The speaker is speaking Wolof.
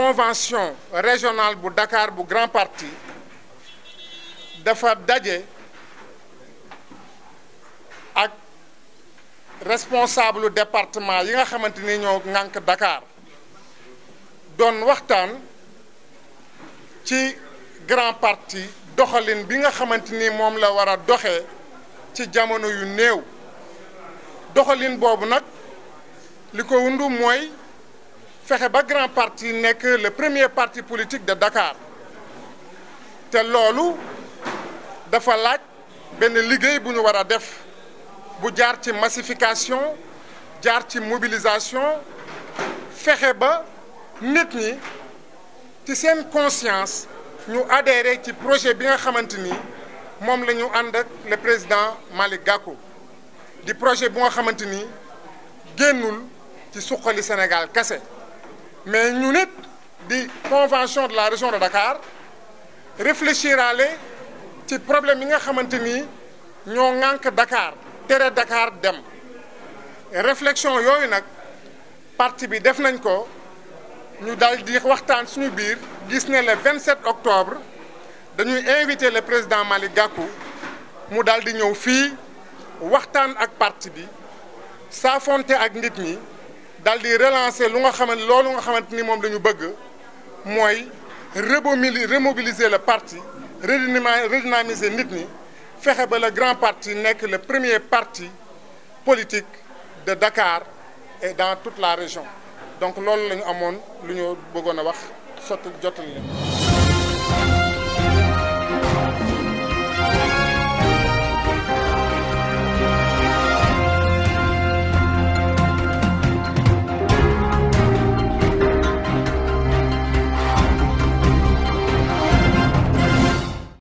convention régionale bu Dakar bu Grand Parti dafa daje ak responsable département yi nga xamante ñoo Dakar donne waxtaan ci Grand Parti doxalin bi nga xamanteni mom la wara doxé ci jamono yu néew doxalin bobu nak liko wundu fexe ba grand parti n'est que le premier parti politique de Dakar C'est ce dafa laaj avons fait. bu ñu war def bu jaar ci massification jaar ci mobilisation fexe ba nit ñi ci nous conscience ñu adhéré ci projet bien nga xamante ni moom le président Malick Gakou di projet bu nga xamante ni génnul ci suqali Sénégal mais ñu dans di convention de la région de Dakar à ci problème yi nga nous ni ñoo le Dakar de Dakar dem réflexion yooyu nag parti bi def nañ ko ñu dal suñu biir le 27 octobre dañuy invité le président Malick Gakou mu dal nous ñëw fii waxtaan ak parti bi saafonte ak nit ñi daal di relancer lu nga xamante loolu nga xamante ni moom bëgg mooy rebomili remobiliser le parti redynamiser nit ñi fexe ba le grand parti nekk le premier parti politique de Dakar et dans toute la région donc loolu la ñu amoon lu wax sotti jottali